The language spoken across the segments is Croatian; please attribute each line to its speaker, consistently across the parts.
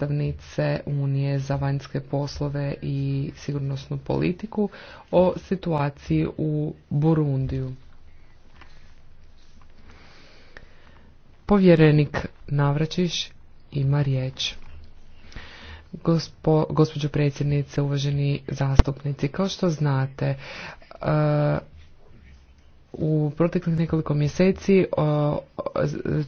Speaker 1: predstavnice Unije za vanjske poslove i sigurnosnu politiku o situaciji u Burundiju. Povjerenik Navračiš ima riječ. gospođo predsjednice, uvaženi zastupnici, kao što znate, e, u proteklih nekoliko mjeseci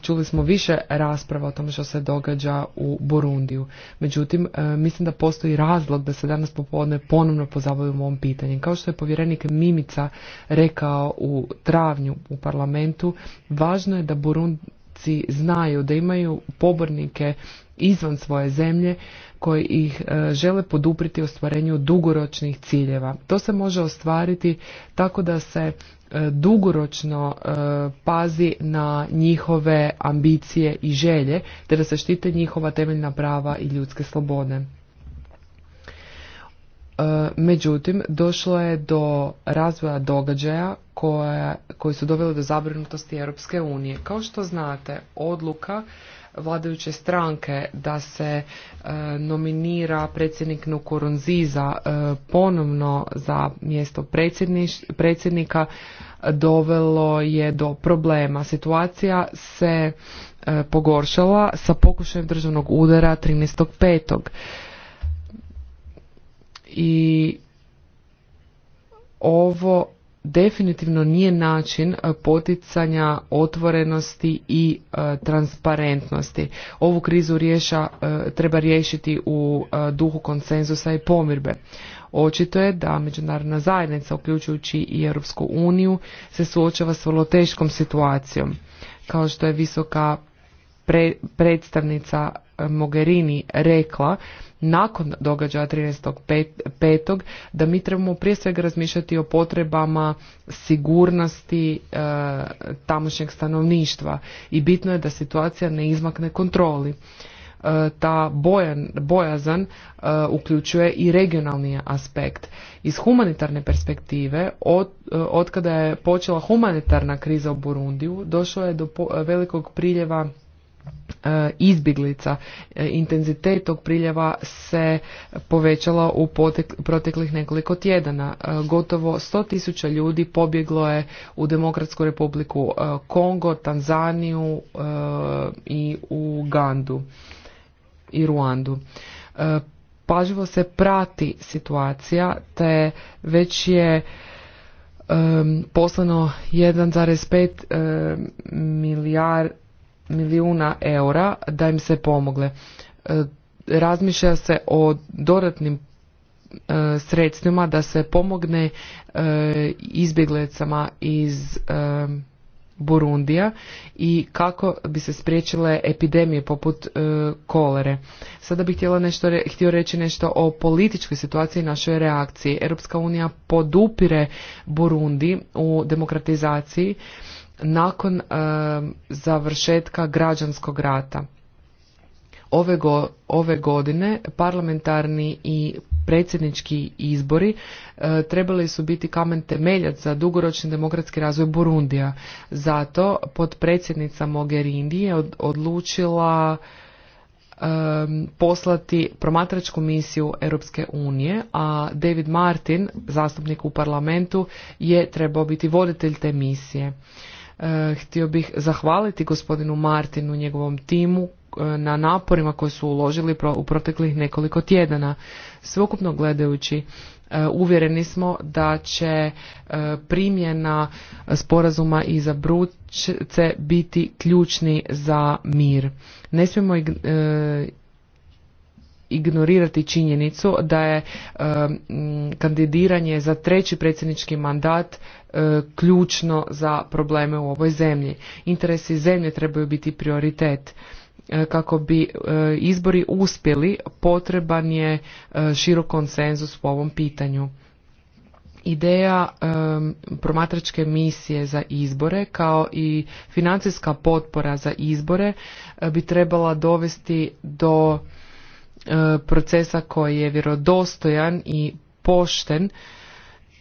Speaker 1: čuli smo više rasprava o tome što se događa u Burundiju. Međutim, e, mislim da postoji razlog da se danas popodne ponovno pozabavimo ovom pitanjem. Kao što je povjerenik Mimica rekao u travnju u parlamentu, važno je da Burundci znaju da imaju pobornike izvan svoje zemlje koji ih e, žele podupriti ostvarenju dugoročnih ciljeva. To se može ostvariti tako da se E, dugoročno e, pazi na njihove ambicije i želje, te da se štite njihova temeljna prava i ljudske slobode. E, međutim, došlo je do razvoja događaja koji su doveli do zabrinutosti Europske unije. Kao što znate, odluka vladajuće stranke da se e, nominira predsjednik Nukurunziza e, ponovno za mjesto predsjednika dovelo je do problema. Situacija se e, pogoršala sa pokušajem državnog udara 13.5. I ovo definitivno nije način e, poticanja otvorenosti i e, transparentnosti. Ovu krizu riješa, e, treba riješiti u duhu konsenzusa i pomirbe. Očito je da međunarodna zajednica, uključujući i Europsku uniju, se suočava s vrlo teškom situacijom. Kao što je visoka predstavnica Mogherini rekla nakon događaja 13.5. da mi trebamo prije svega razmišljati o potrebama sigurnosti e, tamošnjeg stanovništva i bitno je da situacija ne izmakne kontroli. E, ta bojan, bojazan e, uključuje i regionalni aspekt. Iz humanitarne perspektive, od, od kada je počela humanitarna kriza u Burundiju, došlo je do velikog priljeva E, izbjeglica. E, intenzitet tog priljeva se povećala u proteklih nekoliko tjedana. E, gotovo sto tisuća ljudi pobjeglo je u Demokratsku republiku Kongo, Tanzaniju i u Gandu i Ruandu. Pažljivo se prati situacija te već je poslano 1,5 milijard milijuna eura da im se pomogle. E, razmišlja se o dodatnim e, sredstvima da se pomogne e, izbjeglicama iz Burundija i kako bi se spriječile epidemije poput kolere. Sada bih htjela nešto, htio reći nešto o političkoj situaciji našoj reakciji. Europska unija podupire Burundi u demokratizaciji nakon e, završetka građanskog rata. Ove, godine parlamentarni i predsjednički izbori e, trebali su biti kamen temeljac za dugoročni demokratski razvoj Burundija. Zato podpredsjednica Mogherini je odlučila e, poslati promatračku misiju Europske unije, a David Martin, zastupnik u parlamentu, je trebao biti voditelj te misije. E, htio bih zahvaliti gospodinu Martinu, njegovom timu, e, na naporima koje su uložili u proteklih nekoliko tjedana. Sveukupno gledajući, e, uvjereni smo da će primjena sporazuma za Bručce biti ključni za mir. Ne smijemo ignorirati činjenicu da je kandidiranje za treći predsjednički mandat e, ključno za probleme u ovoj zemlji. Interesi zemlje trebaju biti prioritet e, kako bi e, izbori uspjeli potreban je širok konsenzus po ovom pitanju. Ideja promatračke misije za izbore kao i financijska potpora za izbore bi trebala dovesti do E, procesa koji je vjerodostojan i pošten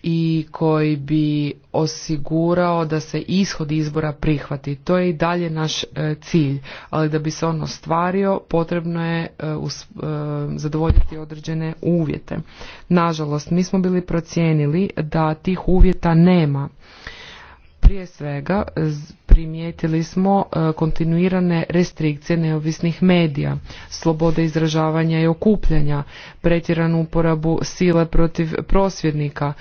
Speaker 1: i koji bi osigurao da se ishod izbora prihvati. To je i dalje naš e, cilj, ali da bi se on ostvario potrebno je e, zadovoljiti određene uvjete. Nažalost, mi smo bili procijenili da tih uvjeta nema prije svega primijetili smo e, kontinuirane restrikcije neovisnih medija, slobode izražavanja i okupljanja, pretjeranu uporabu sile protiv prosvjednika,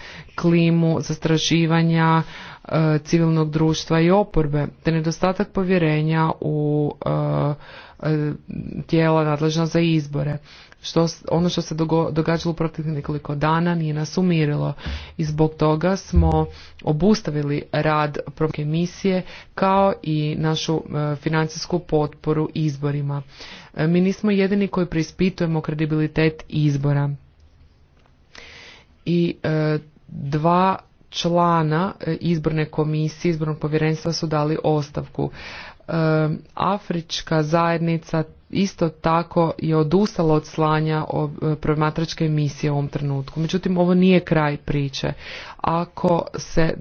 Speaker 1: klimu, zastrašivanja e, civilnog društva i oporbe, te nedostatak povjerenja u e, tijela nadležna za izbore što, ono što se dogo, događalo u proteklih nekoliko dana nije nas umirilo i zbog toga smo obustavili rad promoke misije kao i našu e, financijsku potporu izborima. E, mi nismo jedini koji preispitujemo kredibilitet izbora. I e, dva člana izborne komisije, izbornog povjerenstva su dali ostavku. Afrička zajednica isto tako je odustalo od slanja e, promatračke emisije u ovom trenutku. Međutim, ovo nije kraj priče. Ako se e,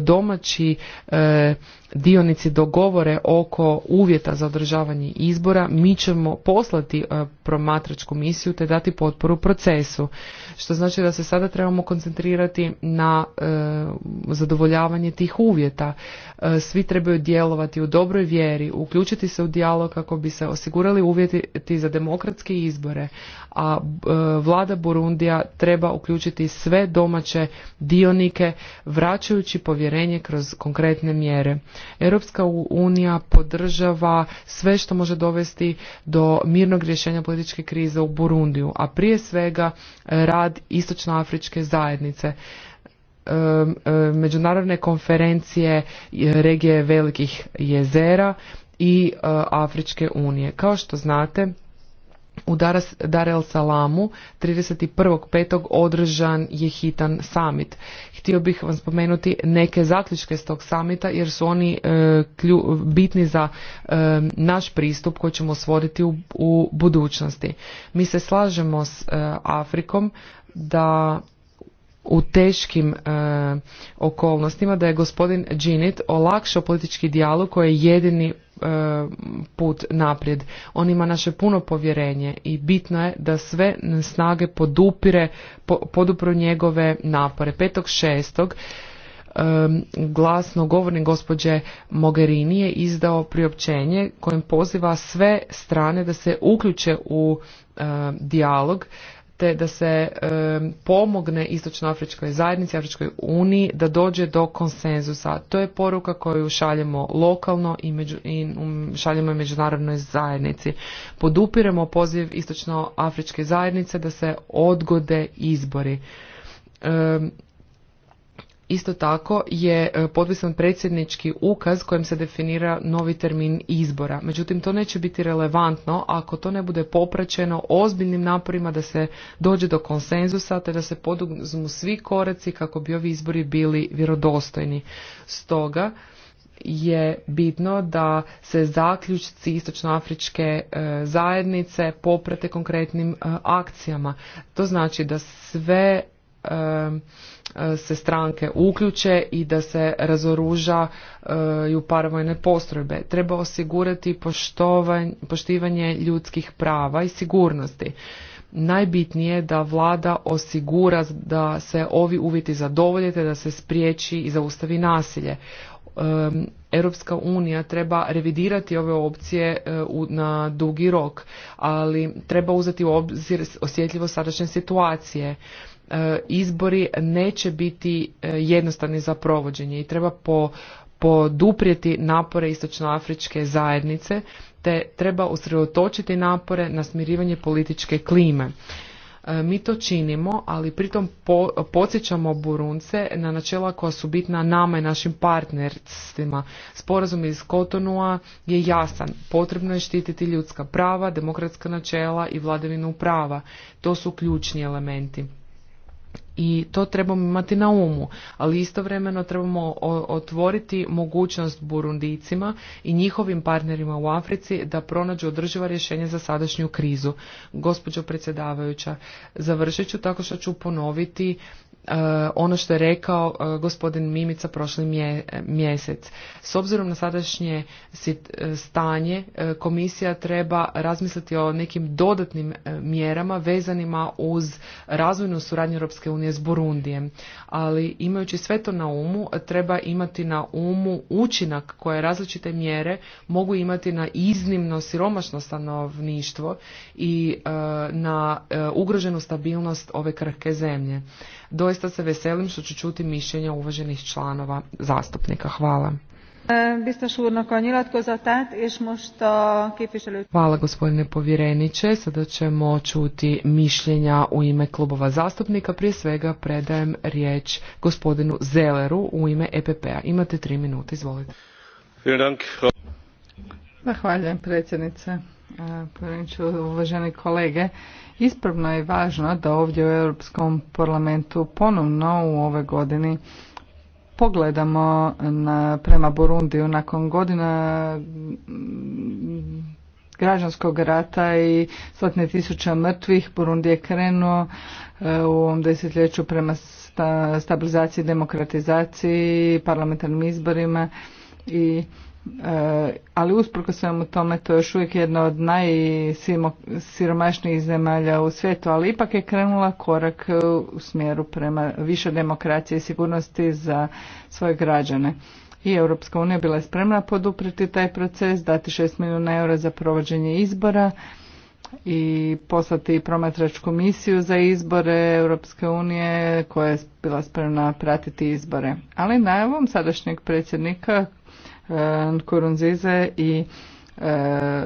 Speaker 1: domaći e, dionici dogovore oko uvjeta za održavanje izbora, mi ćemo poslati e, promatračku misiju te dati potporu procesu. Što znači da se sada trebamo koncentrirati na e, zadovoljavanje tih uvjeta. E, svi trebaju djelovati u dobroj vjeri, uključiti se u dijalog kako bi se osigurali uvjeti za demokratske izbore, a vlada Burundija treba uključiti sve domaće dionike vraćajući povjerenje kroz konkretne mjere. Europska unija podržava sve što može dovesti do mirnog rješenja političke krize u Burundiju, a prije svega e, rad istočnoafričke zajednice e, međunarodne konferencije e, regije velikih jezera i Afričke unije. Kao što znate, u Dar el Salamu 31.5. održan je hitan summit. Htio bih vam spomenuti neke zaključke s tog samita jer su oni e, bitni za e, naš pristup koji ćemo svoditi u, u budućnosti. Mi se slažemo s e, Afrikom da u teškim e, okolnostima da je gospodin Džinit olakšao politički dijalog koji je jedini e, put naprijed. On ima naše puno povjerenje i bitno je da sve snage podupire, po, podupru njegove napore. 5.6. E, glasno govornik gospođe Mogherini je izdao priopćenje kojim poziva sve strane da se uključe u dijalog te da se e, pomogne istočnoafričkoj zajednici, Afričkoj uniji da dođe do konsenzusa. To je poruka koju šaljemo lokalno i, među, i um, šaljemo i međunarodnoj zajednici. Podupiremo poziv istočnoafričke zajednice da se odgode izbori. Isto tako je e, potpisan predsjednički ukaz kojim se definira novi termin izbora. Međutim, to neće biti relevantno ako to ne bude popraćeno ozbiljnim naporima da se dođe do konsenzusa te da se poduzmu svi koraci kako bi ovi izbori bili vjerodostojni. Stoga je bitno da se zaključci istočnoafričke e, zajednice poprate konkretnim e, akcijama. To znači da sve E, se stranke uključe i da se razoružaju e, paravojne postrojbe. Treba osigurati poštivanje ljudskih prava i sigurnosti. Najbitnije je da vlada osigura da se ovi uvjeti zadovoljete, da se spriječi i zaustavi nasilje. E, Europska unija treba revidirati ove opcije na dugi rok, ali treba uzeti u obzir osjetljivo sadašnje situacije. E, izbori neće biti e, jednostavni za provođenje i treba poduprijeti napore istočnoafričke zajednice te treba usredotočiti napore na smirivanje političke klime. E, mi to činimo, ali pritom po, podsjećamo Burunce na načela koja su bitna nama i našim partnerstvima. Sporazum iz Kotonua je jasan. Potrebno je štititi ljudska prava, demokratska načela i vladavinu prava. To su ključni elementi i to trebamo imati na umu, ali istovremeno trebamo otvoriti mogućnost burundicima i njihovim partnerima u Africi da pronađu održiva rješenja za sadašnju krizu. Gospođo predsjedavajuća, završit ću tako što ću ponoviti Eh, ono što je rekao eh, gospodin Mimica prošli mjesec. S obzirom na sadašnje eh, stanje, komisija treba razmisliti o nekim dodatnim mjerama vezanima uz razvojnu suradnju Europske unije s Burundijem. Ali imajući sve to na umu, treba imati na umu učinak koje različite mjere mogu imati na iznimno siromašno stanovništvo i na ugroženu stabilnost ove krhke zemlje. Doista se veselim što ću čuti mišljenja uvaženih članova zastupnika. Hvala. E, Hvala gospodine povjereniče. Sada ćemo čuti mišljenja u ime klubova zastupnika. Prije svega predajem riječ gospodinu Zeleru u ime EPP-a. Imate tri minute, izvolite.
Speaker 2: Zahvaljujem predsjednice uvaženi kolege. Ispravno je važno da ovdje u Europskom parlamentu ponovno u ove godini pogledamo na, prema Burundiju nakon godina mm, građanskog rata i stotine tisuća mrtvih Burundi je krenuo e, u ovom desetljeću prema stabilizaciji, demokratizaciji, parlamentarnim izborima i Eh, ali usprko svemu tome to je još uvijek jedna od najsiromašnijih zemalja u svijetu, ali ipak je krenula korak eh, u smjeru prema više demokracije i sigurnosti za svoje građane. I Europska unija bila je spremna podupriti taj proces, dati 6 milijuna eura za provođenje izbora i poslati promatračku misiju za izbore Europske unije koja je bila spremna pratiti izbore. Ali najavom sadašnjeg predsjednika E, Nkurunzize i e,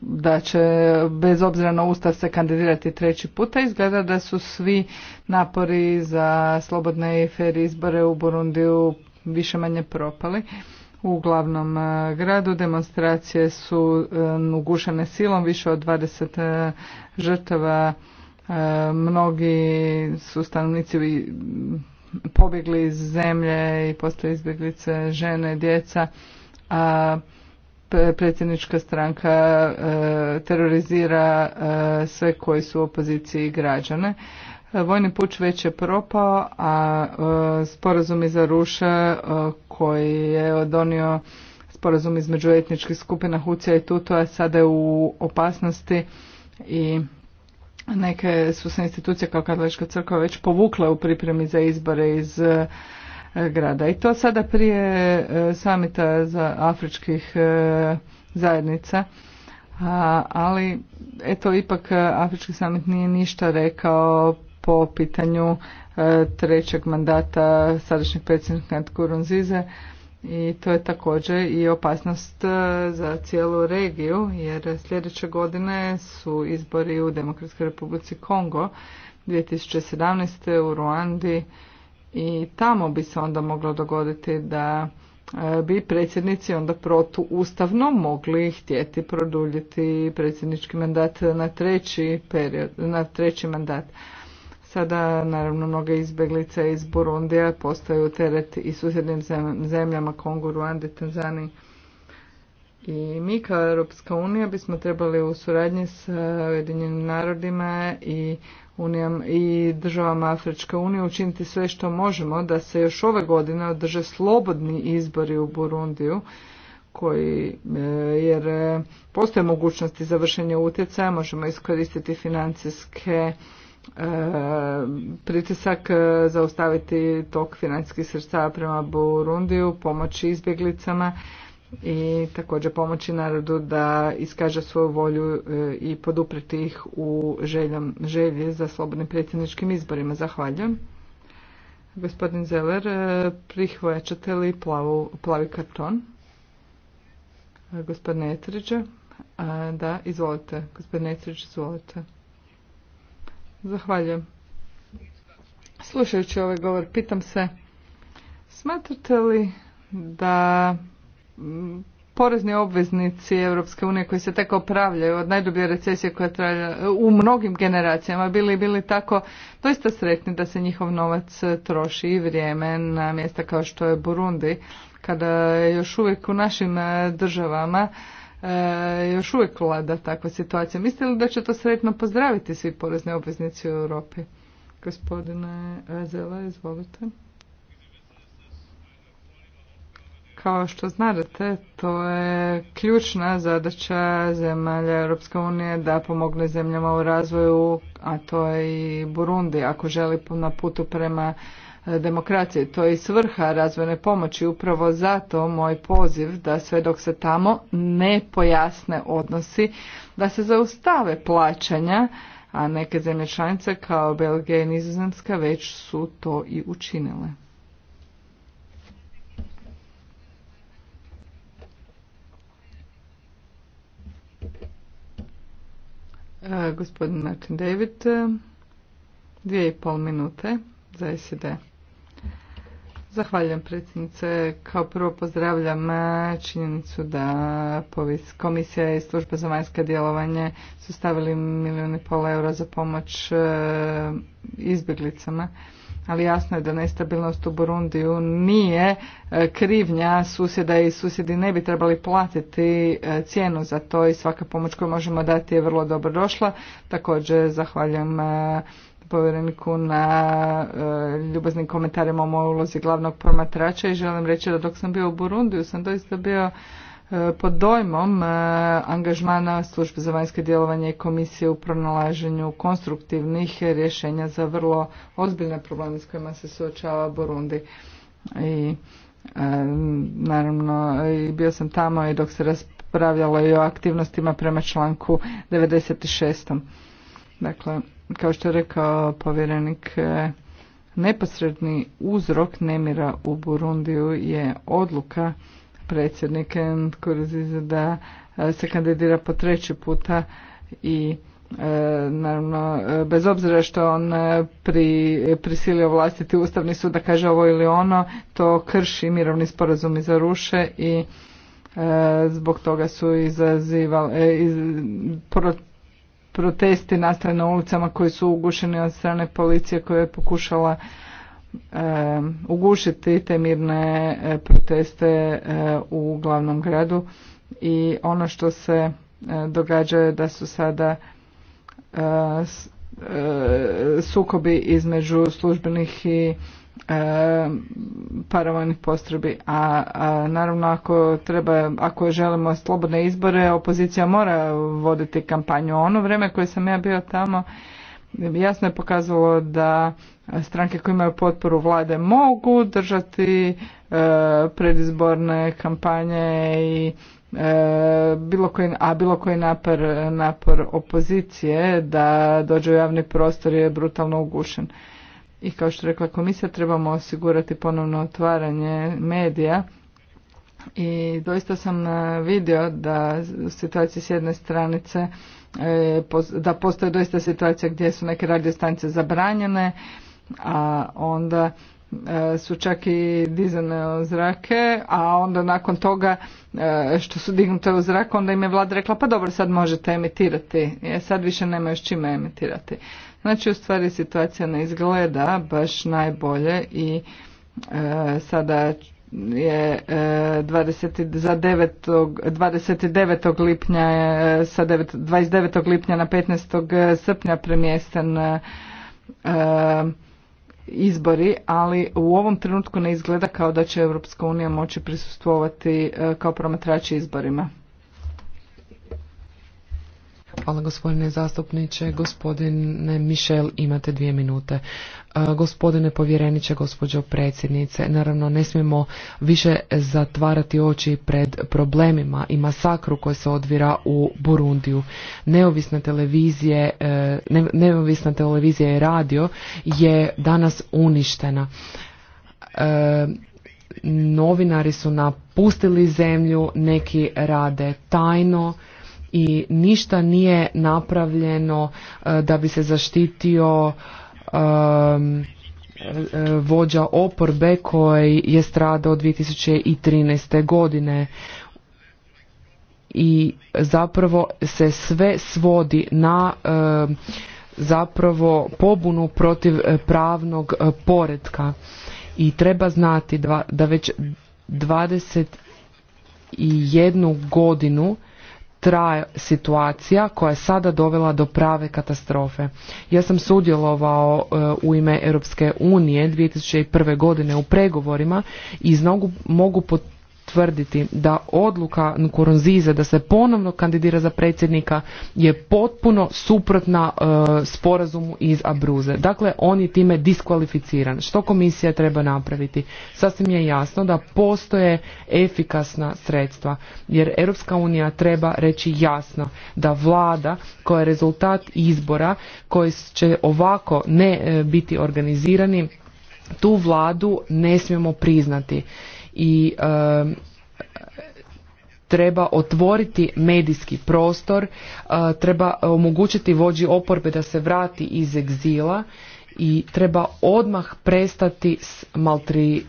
Speaker 2: da će bez obzira na ustav se kandidirati treći puta. Izgleda da su svi napori za slobodne i fer izbore u Burundiju više manje propali. U glavnom e, gradu demonstracije su ugušene silom, više od 20 žrtava. Mnogi su stanovnici pobjegli iz zemlje i postoje izbjeglice žene, djeca, a predsjednička stranka e, terorizira e, sve koji su u opoziciji građane. E, vojni puč već je propao, a e, sporazum iza e, koji je donio sporazum između etničkih skupina Hucija i Tutoa sada je u opasnosti i Neke su se institucije kao Katolička crkva već povukle u pripremi za izbore iz e, grada. I to sada prije e, samita za afričkih e, zajednica. Ali, eto, ipak Afrički samit nije ništa rekao po pitanju trećeg mandata sadašnjeg predsjednika Kurunzize i to je također i opasnost e, za cijelu regiju jer sljedeće godine su izbori u Demokratskoj republici Kongo 2017. u Ruandi i tamo bi se onda moglo dogoditi da e, bi predsjednici onda protuustavno mogli htjeti produljiti predsjednički mandat na treći period, na treći mandat. Sada, naravno, mnoge izbjeglice iz Burundija postaju teret i susjednim zemljama Kongu, Ruandi, Tanzani. I mi kao Europska unija bismo trebali u suradnji s e, Ujedinjenim narodima i unijom i državama Afričke unije učiniti sve što možemo da se još ove godine održe slobodni izbori u Burundiju koji, e, jer e, postoje mogućnosti za utjecaja, možemo iskoristiti financijske E, pritisak e, zaustaviti tok financijskih sredstava prema Burundiju, pomoći izbjeglicama i također pomoći narodu da iskaže svoju volju e, i podupriti ih u željom, želji za slobodnim predsjedničkim izborima. Zahvaljujem. Gospodin Zeller, prihvaćate li plavi karton? Gospodine Etriđe, da, izvolite. Gospodine Etriđe, izvolite. Zahvaljujem. Slušajući ovaj govor, pitam se, smatrate li da mm, porezni obveznici Europske unije koji se tako opravljaju od najdublje recesije koja traja u mnogim generacijama bili bili tako doista sretni da se njihov novac troši i vrijeme na mjesta kao što je Burundi kada još uvijek u našim e, državama E, još uvijek vlada takva situacija. Mislite li da će to sretno pozdraviti svi porezni obveznici u Europi? Gospodine Zela, izvolite. Kao što znate, to je ključna zadaća zemalja Europske unije da pomogne zemljama u razvoju, a to je i Burundi, ako želi na putu prema demokracije. To je i svrha razvojne pomoći. Upravo zato moj poziv da sve dok se tamo ne pojasne odnosi, da se zaustave plaćanja, a neke zemlje članice kao Belgija i Nizozemska već su to i učinile. E, gospodin Martin David, dvije i pol minute za SED. Zahvaljujem predsjednice. Kao prvo pozdravljam e, činjenicu da komisija i službe za vanjske djelovanje su stavili milijun i pola eura za pomoć e, izbjeglicama. Ali jasno je da nestabilnost u Burundiju nije e, krivnja susjeda i susjedi ne bi trebali platiti cijenu za to i svaka pomoć koju možemo dati je vrlo dobro došla. Također zahvaljujem povjereniku na e, ljubaznim komentarima o mojoj ulozi glavnog promatrača i želim reći da dok sam bio u Burundiju sam doista bio e, pod dojmom e, angažmana službe za vanjske djelovanje i komisije u pronalaženju konstruktivnih rješenja za vrlo ozbiljne probleme s kojima se suočava Burundi. I naravno i bio sam tamo i dok se raspravljalo i o aktivnostima prema članku 96. Dakle, kao što je rekao povjerenik, e, neposredni uzrok nemira u Burundiju je odluka predsjednika Nkuriziza da e, se kandidira po treći puta i e, naravno bez obzira što on pri, prisilio vlastiti ustavni sud da kaže ovo ili ono to krši mirovni sporazum i zaruše i zbog toga su izazivali e, protesti nastale na ulicama koji su ugušeni od strane policije koja je pokušala ugušiti te mirne e, proteste e, u glavnom gradu i ono što se e, događa je da su sada E, sukobi između službenih i e, paravojnih postrebi. A, naravno ako treba, ako želimo slobodne izbore, opozicija mora voditi kampanju. Ono vrijeme koje sam ja bio tamo jasno je pokazalo da stranke koje imaju potporu vlade mogu držati e, predizborne kampanje i E, bilo a bilo koji napor, napor opozicije da dođe u javni prostor je brutalno ugušen. I kao što rekla komisija, trebamo osigurati ponovno otvaranje medija i doista sam e, vidio da u situaciji s jedne stranice e, da postoje doista situacija gdje su neke radio stanice zabranjene, a onda E, su čak i dizane u zrake, a onda nakon toga e, što su dignute u zrak, onda im je vlada rekla pa dobro sad možete emitirati, jer sad više nema još čime emitirati. Znači u stvari situacija ne izgleda baš najbolje i e, sada je e, 20, za 9, 29. lipnja je, sa 9, 29. lipnja na 15. srpnja premjestan e, izbori, ali u ovom trenutku ne izgleda kao da će Europska unija moći prisustvovati e, kao promatrači izborima.
Speaker 1: Hvala gospodine zastupniče. Gospodine Mišel, imate dvije minute. E, gospodine povjereniče, gospođo predsjednice, naravno ne smijemo više zatvarati oči pred problemima i masakru koji se odvira u Burundiju. Neovisna televizije, e, neovisna televizija i radio je danas uništena. E, novinari su napustili zemlju, neki rade tajno, i ništa nije napravljeno e, da bi se zaštitio e, vođa oporbe koji je stradao 2013. godine i zapravo se sve svodi na zapravo pobunu protiv e, pravnog poretka i treba znati da, da već 21 godinu traje situacija koja je sada dovela do prave katastrofe. Ja sam sudjelovao e, u ime Europske unije 2001. godine u pregovorima i mogu tvrditi da odluka Nkurunzize da se ponovno kandidira za predsjednika je potpuno suprotna e, sporazumu iz Abruze. Dakle, on je time diskvalificiran. Što komisija treba napraviti? Sasvim je jasno da postoje efikasna sredstva, jer Europska unija treba reći jasno da vlada koja je rezultat izbora koji će ovako ne e, biti organizirani tu vladu ne smijemo priznati i e, treba otvoriti medijski prostor, e, treba omogućiti vođi oporbe da se vrati iz egzila i treba odmah prestati s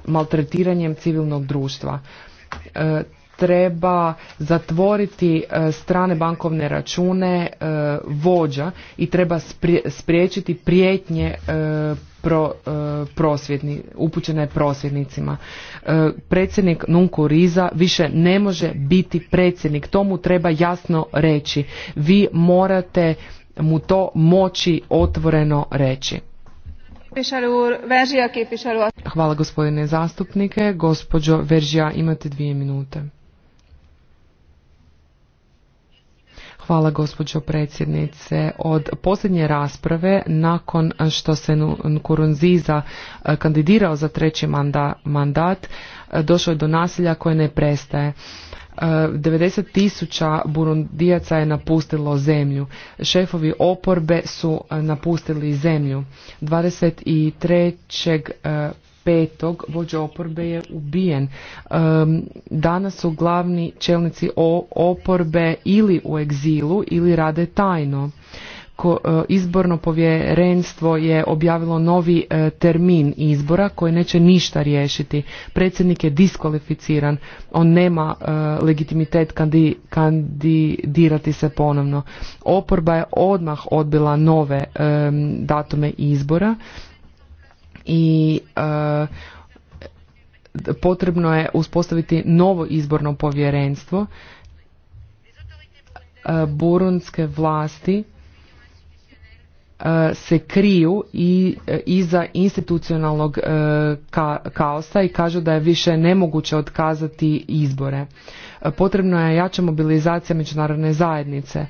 Speaker 1: maltretiranjem civilnog društva. E, treba zatvoriti e, strane bankovne račune e, vođa i treba spriječiti prijetnje e, upućene prosvjednicima. Predsjednik Nunku Riza više ne može biti predsjednik. To mu treba jasno reći. Vi morate mu to moći otvoreno reći. Hvala gospodine zastupnike. Gospođo Veržija, imate dvije minute. Hvala gospođo predsjednice. Od posljednje rasprave nakon što se Nkurunziza e, kandidirao za treći mandat e, došlo je do nasilja koje ne prestaje. 90 e, tisuća burundijaca je napustilo zemlju. Šefovi oporbe su napustili zemlju. 23 petog vođa oporbe je ubijen. Danas su glavni čelnici oporbe ili u egzilu ili rade tajno. E, izborno povjerenstvo je objavilo novi e, termin izbora koji neće ništa riješiti. Predsjednik je diskvalificiran, on nema e, legitimitet kandidirati se ponovno. Oporba je odmah odbila nove datume izbora i e, potrebno je uspostaviti novo izborno povjerenstvo e, burunske vlasti e, se kriju i iza institucionalnog kaosa i kažu da je više nemoguće otkazati izbore. Potrebna je jača mobilizacija međunarodne zajednice.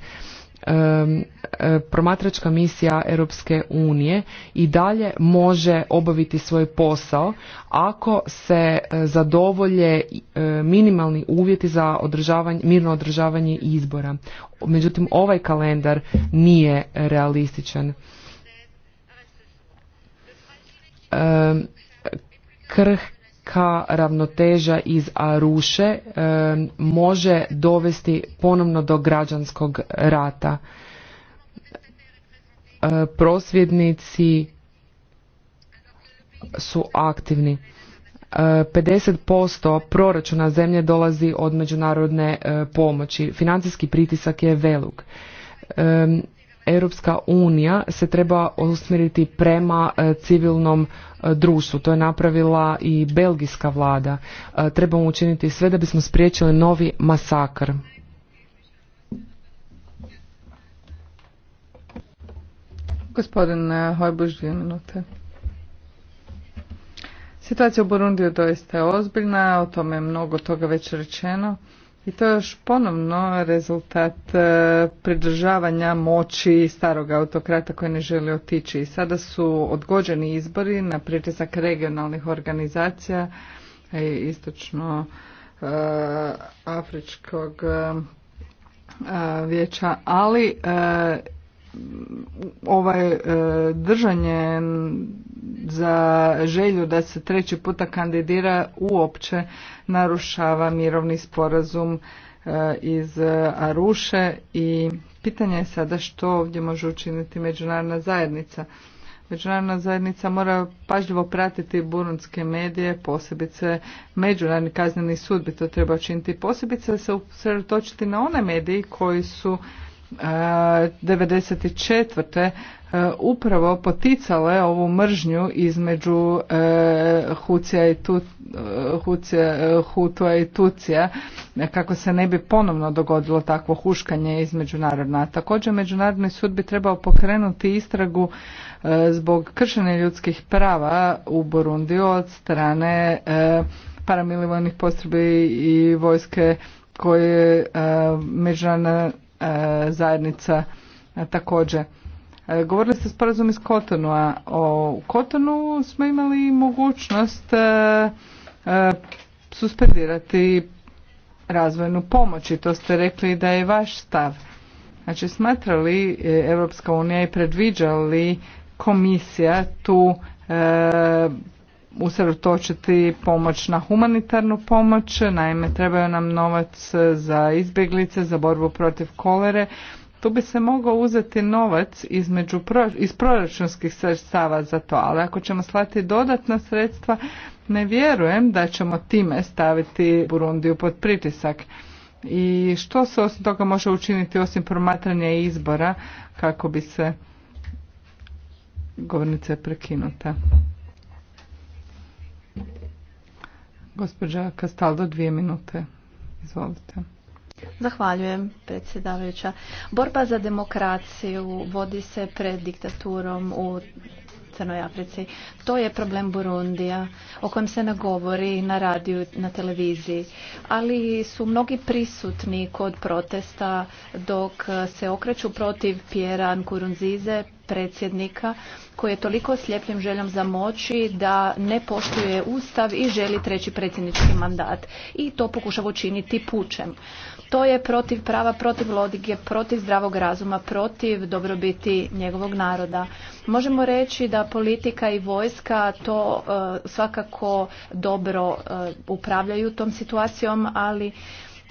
Speaker 1: E, promatračka misija Europske unije i dalje može obaviti svoj posao ako se e, zadovolje e, minimalni uvjeti za održavanje, mirno održavanje izbora. Međutim, ovaj kalendar nije realističan. Krh ka ravnoteža iz Aruše e, može dovesti ponovno do građanskog rata. E, prosvjednici su aktivni. 50% e, proračuna zemlje dolazi od međunarodne e, pomoći. Financijski pritisak je velik. E, Europska unija se treba usmjeriti prema e, civilnom e, društvu. To je napravila i belgijska vlada. E, trebamo učiniti sve da bismo spriječili novi masakr.
Speaker 2: Gospodin Hojbuš, Situacija u Burundiju doista je ozbiljna, o tome je mnogo toga već rečeno. I to je još ponovno rezultat e, pridržavanja moći starog autokrata koji ne želi otići. I sada su odgođeni izbori na pritisak regionalnih organizacija e, istočno e, afričkog vijeća, ali ovaj e, držanje za želju da se treći puta kandidira uopće narušava mirovni sporazum e, iz Aruše i pitanje je sada što ovdje može učiniti međunarodna zajednica. Međunarodna zajednica mora pažljivo pratiti burunske medije, posebice Međunarodni kazneni sud bi to treba činiti posebice se usredotočiti na one mediji koji su 94. E, upravo poticale ovu mržnju između e, Hucija i e, Hutua i Tucija kako se ne bi ponovno dogodilo takvo huškanje iz međunarodna A također Međunarodni sud bi trebao pokrenuti istragu zbog kršenja ljudskih prava u Burundi od strane paramilivojnih postrojbi i vojske koje međunarodna E, zajednica e, također. E, govorili ste sporazum iz a O Kotonu smo imali mogućnost suspendirati razvojnu pomoć i to ste rekli da je vaš stav. Znači smatra li Europska unija i predviđa li komisija tu usredotočiti pomoć na humanitarnu pomoć, naime trebaju nam novac za izbjeglice, za borbu protiv kolere. Tu bi se mogao uzeti novac između, iz proračunskih sredstava za to, ali ako ćemo slati dodatna sredstva, ne vjerujem da ćemo time staviti Burundiju pod pritisak. I što se osim toga može učiniti osim promatranja izbora kako bi se govornice je prekinuta. Gospođa Kastaldo, dvije minute. Izvolite.
Speaker 3: Zahvaljujem, predsjedavajuća. Borba za demokraciju vodi se pred diktaturom u Crnoj Africi. To je problem Burundija o kojem se nagovori na radiju, na televiziji. Ali su mnogi prisutni kod protesta dok se okreću protiv Pjera Ankurunzize predsjednika koji je toliko slijepljen željom za moći da ne poštuje ustav i želi treći predsjednički mandat. I to pokušava učiniti pučem. To je protiv prava, protiv logike, protiv zdravog razuma, protiv dobrobiti njegovog naroda. Možemo reći da politika i vojska to e, svakako dobro e, upravljaju tom situacijom, ali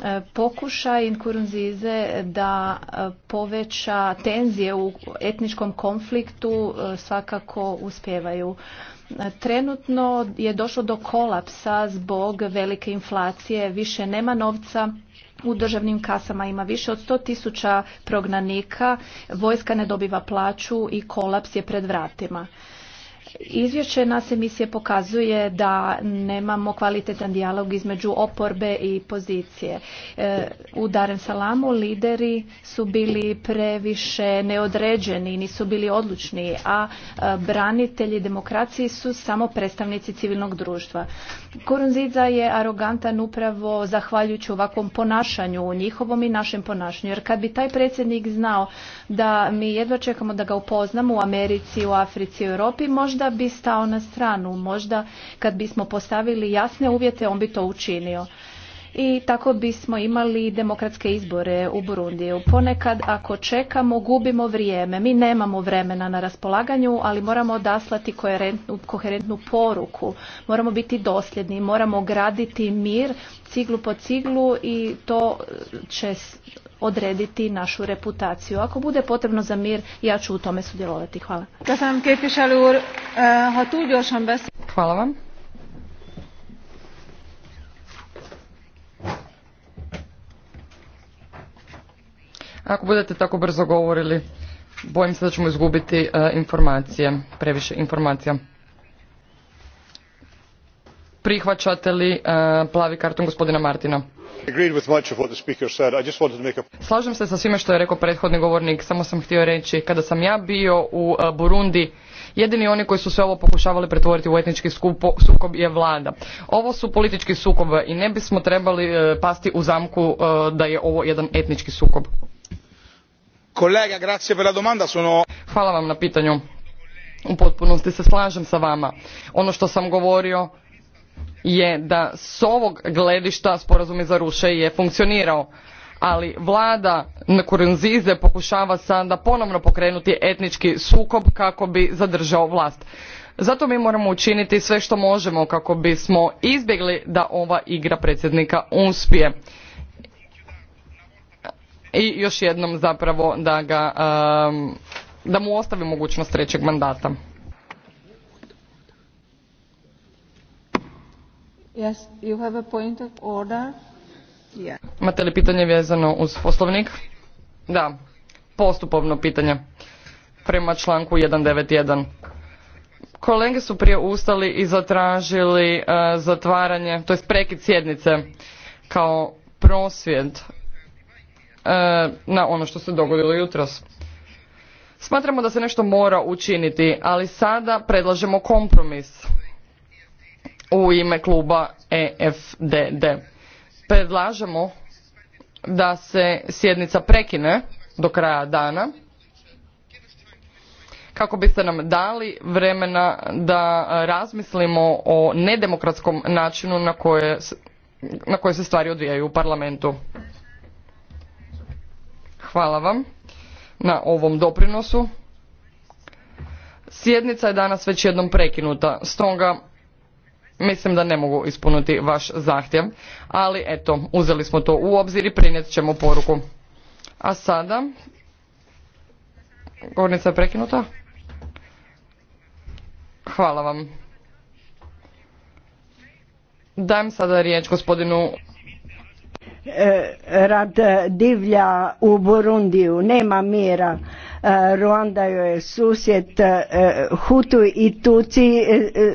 Speaker 3: E, pokušaj Inkurunzize da e, poveća tenzije u etničkom konfliktu e, svakako uspjevaju. Trenutno je došlo do kolapsa zbog velike inflacije, više nema novca, u državnim kasama ima više od 100 tisuća prognanika, vojska ne dobiva plaću i kolaps je pred vratima. Izvješće nas emisije pokazuje da nemamo kvalitetan dijalog između oporbe i pozicije. E, u Darem Salamu lideri su bili previše neodređeni, nisu bili odlučni, a e, branitelji demokracije su samo predstavnici civilnog društva. Kurunziza je arogantan upravo zahvaljujući ovakvom ponašanju, njihovom i našem ponašanju. Jer kad bi taj predsjednik znao da mi jedva čekamo da ga upoznamo u Americi, u Africi, u Europi, možda bi stao na stranu, možda kad bismo postavili jasne uvjete on bi to učinio i tako bismo imali demokratske izbore u Burundiju. Ponekad ako čekamo gubimo vrijeme. Mi nemamo vremena na raspolaganju, ali moramo odaslati koherentnu poruku. Moramo biti dosljedni, moramo graditi mir ciglu po ciglu i to će odrediti našu reputaciju. Ako bude potrebno za mir, ja ću u tome sudjelovati. Hvala.
Speaker 4: Hvala vam. Ako budete tako brzo govorili, bojim se da ćemo izgubiti e, informacije, previše informacija. Prihvaćate li e, plavi karton gospodina Martina? Slažem se sa svime što je rekao prethodni govornik, samo sam htio reći, kada sam ja bio u e, Burundi, jedini oni koji su sve ovo pokušavali pretvoriti u etnički sukob je vlada. Ovo su politički sukob i ne bismo trebali pasti u zamku da je ovo jedan etnički sukob. Hvala vam na pitanju. U potpunosti se slažem sa vama. Ono što sam govorio je da s ovog gledišta sporazum iz ruše je funkcionirao ali vlada Nkurunzize pokušava sada ponovno pokrenuti etnički sukob kako bi zadržao vlast. Zato mi moramo učiniti sve što možemo kako bismo izbjegli da ova igra predsjednika uspije i još jednom zapravo da ga um, da mu ostavi mogućnost trećeg mandata.
Speaker 5: Yes, you have a point of order.
Speaker 4: Imate li pitanje vezano uz poslovnik? Da, postupovno pitanje prema članku 191. Kolege su prije ustali i zatražili uh, zatvaranje, to jest prekid sjednice kao prosvjed E, na ono što se dogodilo jutros. Smatramo da se nešto mora učiniti, ali sada predlažemo kompromis u ime kluba EFDD. Predlažemo da se sjednica prekine do kraja dana kako biste nam dali vremena da razmislimo o nedemokratskom načinu na koje, na koje se stvari odvijaju u parlamentu. Hvala vam na ovom doprinosu. Sjednica je danas već jednom prekinuta, stoga mislim da ne mogu ispuniti vaš zahtjev, ali eto, uzeli smo to u obzir i prinijet ćemo poruku. A sada, govornica je prekinuta. Hvala vam. Dajem sada riječ gospodinu
Speaker 6: Eh, rad eh, divlja u Burundiju, nema mira. Eh, Ruanda joj je susjed, Hutu i Tuci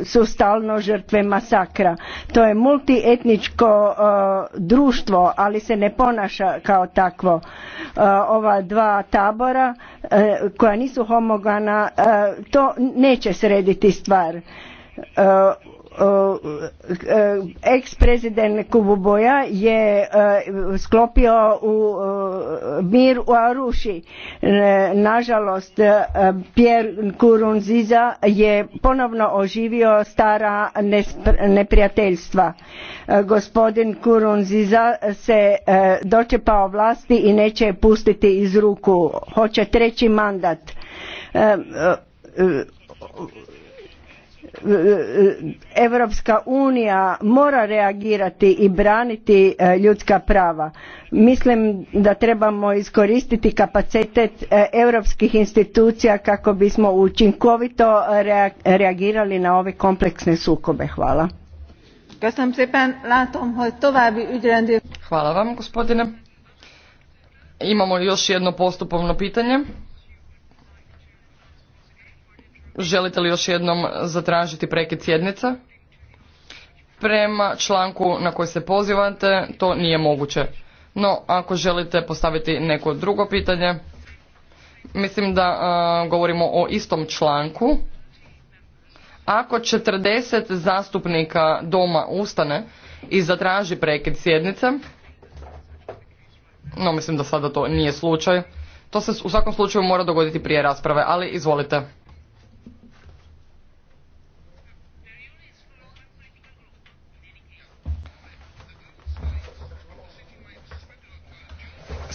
Speaker 6: su stalno žrtve masakra. To je multietničko društvo, ali se ne ponaša kao takvo. Ova dva tabora koja nisu homogana, to neće srediti stvar Eh, eh, Ex-prezident Kububoja je eh, sklopio u mir u Aruši. Nažalost, Pierre Kurunziza je ponovno oživio stara neprijateljstva. Gospodin Kurunziza se dočepao vlasti i neće pustiti iz ruku. Hoće treći mandat Europska unija mora reagirati i braniti e, ljudska prava. Mislim da trebamo iskoristiti kapacitet europskih institucija kako bismo učinkovito e, reagirali na ove kompleksne sukobe. Hvala.
Speaker 4: Hvala vam gospodine. Imamo još jedno postupovno pitanje. Želite li još jednom zatražiti prekid sjednice? Prema članku na koji se pozivate to nije moguće. No, ako želite postaviti neko drugo pitanje, mislim da govorimo o istom članku. Ako 40 zastupnika doma ustane i zatraži prekid sjednice, no mislim da sada to nije slučaj, to se u svakom slučaju mora dogoditi prije rasprave, ali izvolite.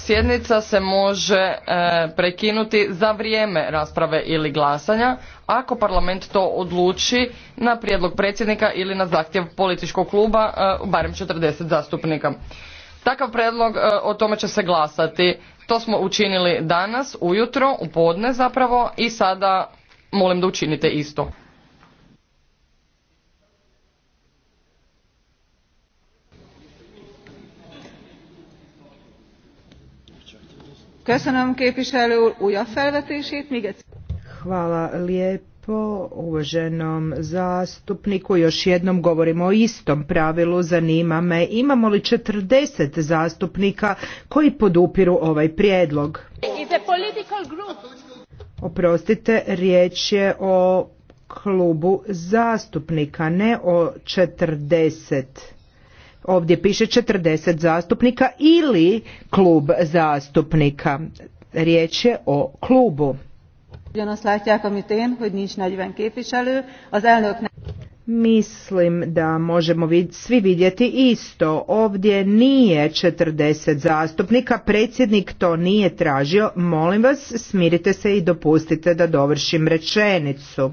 Speaker 4: Sjednica se može e, prekinuti za vrijeme rasprave ili glasanja ako parlament to odluči na prijedlog predsjednika ili na zahtjev političkog kluba e, barem 40 zastupnika. Takav predlog e, o tome će se glasati. To smo učinili danas ujutro, u podne zapravo i sada molim da učinite isto.
Speaker 7: Hvala lijepo uvaženom zastupniku. Još jednom govorimo o istom pravilu. Zanima me imamo li 40 zastupnika koji podupiru ovaj prijedlog. Oprostite, riječ je o klubu zastupnika, ne o 40 ovdje piše 40 zastupnika ili klub zastupnika. Riječ je o klubu. Mislim da možemo svi vidjeti isto. Ovdje nije 40 zastupnika, predsjednik to nije tražio. Molim vas, smirite se i dopustite da dovršim rečenicu.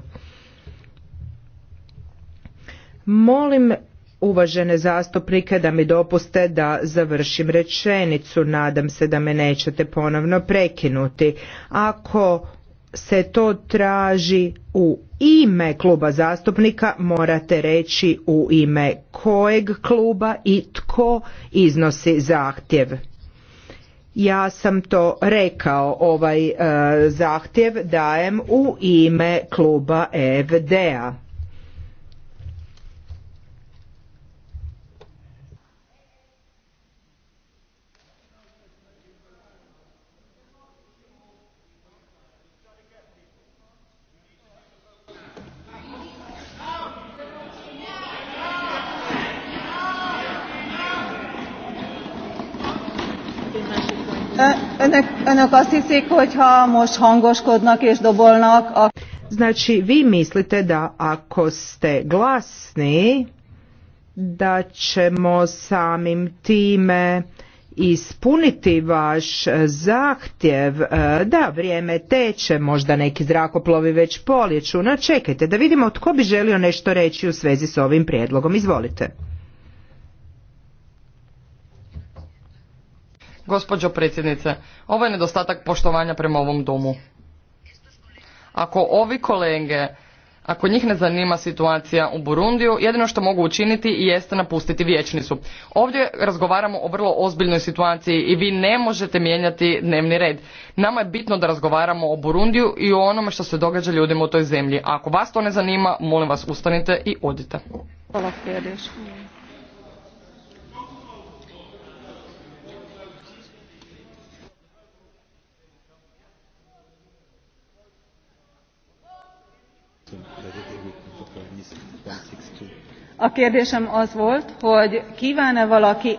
Speaker 7: Molim uvažene zastupnike da mi dopuste da završim rečenicu. Nadam se da me nećete ponovno prekinuti. Ako se to traži u ime kluba zastupnika morate reći u ime kojeg kluba i tko iznosi zahtjev. Ja sam to rekao, ovaj eh, zahtjev dajem u ime kluba evd
Speaker 5: Önök, önök azt hiszik, ha most hangoskodnak és dobolnak... A... Znači, vi mislite da ako ste glasni,
Speaker 7: da ćemo samim time ispuniti vaš zahtjev e, da vrijeme teče možda neki zrakoplovi već polječu. no čekajte da vidimo tko bi želio nešto reći u svezi s ovim prijedlogom izvolite
Speaker 4: Gospođo predsjednice, ovo je nedostatak poštovanja prema ovom domu. Ako ovi kolege, ako njih ne zanima situacija u Burundiju, jedino što mogu učiniti jeste napustiti vječnicu. Ovdje razgovaramo o vrlo ozbiljnoj situaciji i vi ne možete mijenjati dnevni red. Nama je bitno da razgovaramo o Burundiju i o onome što se događa ljudima u toj zemlji. ako vas to ne zanima, molim vas ustanite i odite.
Speaker 5: Hvala, A kérdésem az volt, hogy kíván valaki...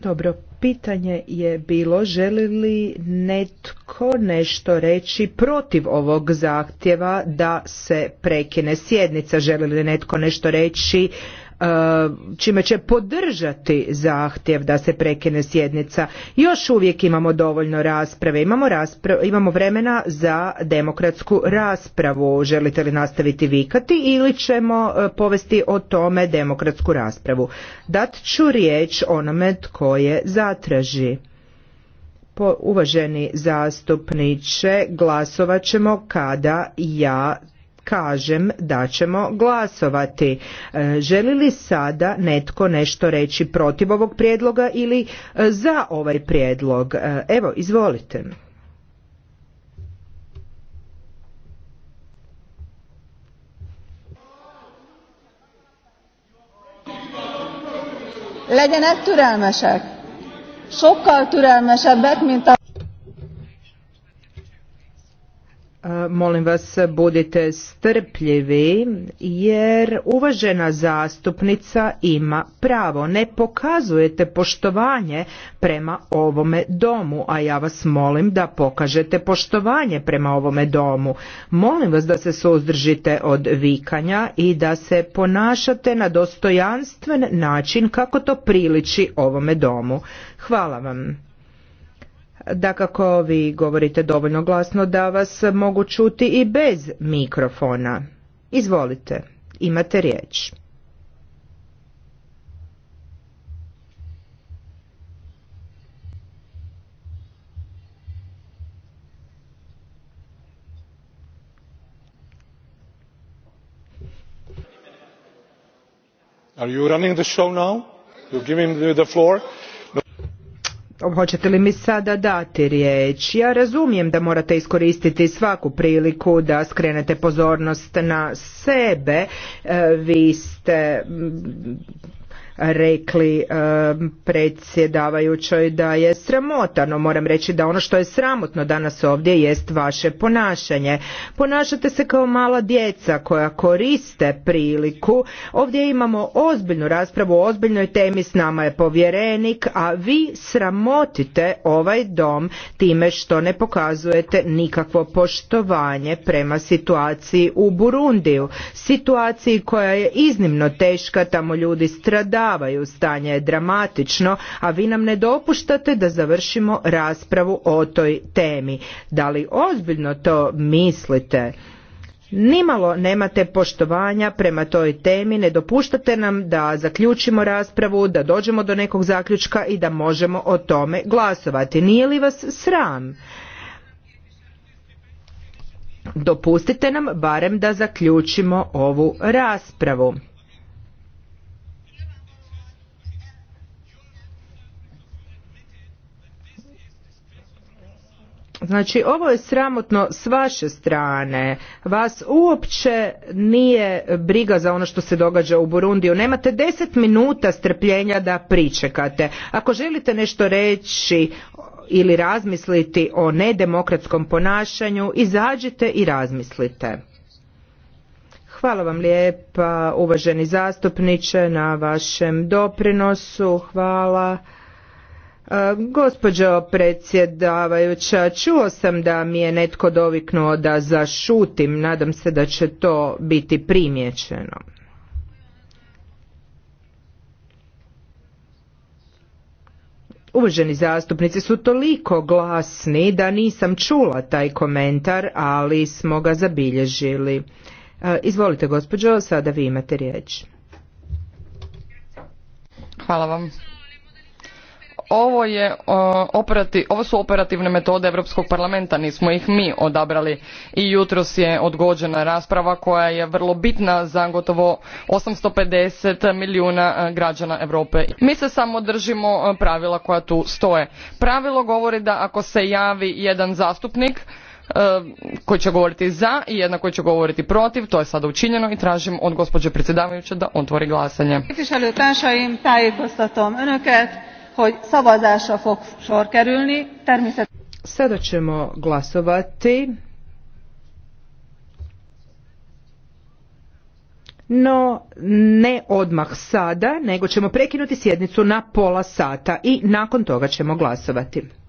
Speaker 5: Dobro, pitanje je bilo
Speaker 7: želi li netko nešto reći protiv ovog zahtjeva da se prekine sjednica, želi li netko nešto reći E, čime će podržati zahtjev da se prekine sjednica. Još uvijek imamo dovoljno rasprave, imamo, imamo vremena za demokratsku raspravu. Želite li nastaviti vikati ili ćemo e, povesti o tome demokratsku raspravu? Dat ću riječ onome tko je zatraži. Po, uvaženi zastupniče, glasovat ćemo kada ja kažem da ćemo glasovati. E, želi li sada netko nešto reći protiv ovog prijedloga ili e, za ovaj prijedlog? E, evo, izvolite.
Speaker 5: legyenek türelmesek. Sokkal mint
Speaker 7: E, molim vas budite strpljivi jer uvažena zastupnica ima pravo. Ne pokazujete poštovanje prema ovome domu, a ja vas molim da pokažete poštovanje prema ovome domu. Molim vas da se suzdržite od vikanja i da se ponašate na dostojanstven način kako to priliči ovome domu. Hvala vam da kako vi govorite dovoljno glasno da vas mogu čuti i bez mikrofona. Izvolite, imate riječ.
Speaker 5: Are you running the show now? You're giving the floor?
Speaker 7: hoćete li mi sada dati riječ? Ja razumijem da morate iskoristiti svaku priliku da skrenete pozornost na sebe. E, vi ste rekli predsjedavajućoj da je sramota, no moram reći da ono što je sramotno danas ovdje jest vaše ponašanje. Ponašate se kao mala djeca koja koriste priliku. Ovdje imamo ozbiljnu raspravu o ozbiljnoj temi, s nama je povjerenik, a vi sramotite ovaj dom time što ne pokazujete nikakvo poštovanje prema situaciji u Burundiju. Situaciji koja je iznimno teška, tamo ljudi strada iseljavaju. Stanje je dramatično, a vi nam ne dopuštate da završimo raspravu o toj temi. Da li ozbiljno to mislite? Nimalo nemate poštovanja prema toj temi, ne dopuštate nam da zaključimo raspravu, da dođemo do nekog zaključka i da možemo o tome glasovati. Nije li vas sram? Dopustite nam barem da zaključimo ovu raspravu. Znači, ovo je sramotno s vaše strane. Vas uopće nije briga za ono što se događa u Burundiju. Nemate deset minuta strpljenja da pričekate. Ako želite nešto reći ili razmisliti o nedemokratskom ponašanju, izađite i razmislite. Hvala vam lijepa, uvaženi zastupniče, na vašem doprinosu. Hvala. E, gospođo predsjedavajuća, čuo sam da mi je netko doviknuo da zašutim. Nadam se da će to biti primjećeno. Uvaženi zastupnici su toliko glasni da nisam čula taj komentar, ali smo ga zabilježili. E, izvolite gospođo, sada vi imate riječ.
Speaker 4: Hvala vam ovo je operati, ovo su operativne metode Europskog parlamenta, nismo ih mi odabrali i jutros je odgođena rasprava koja je vrlo bitna za gotovo 850 milijuna e, građana Europe. Mi se samo držimo e, pravila koja tu stoje. Pravilo govori da ako se javi jedan zastupnik e, koji će govoriti za i jedna koji će govoriti protiv. To je sada učinjeno i tražim od gospođe predsjedavajuće da otvori glasanje
Speaker 5: hogy szavazásra fog kerülni. Sada
Speaker 7: ćemo glasovati. No, ne odmah sada, nego ćemo prekinuti sjednicu na pola sata i nakon toga ćemo glasovati.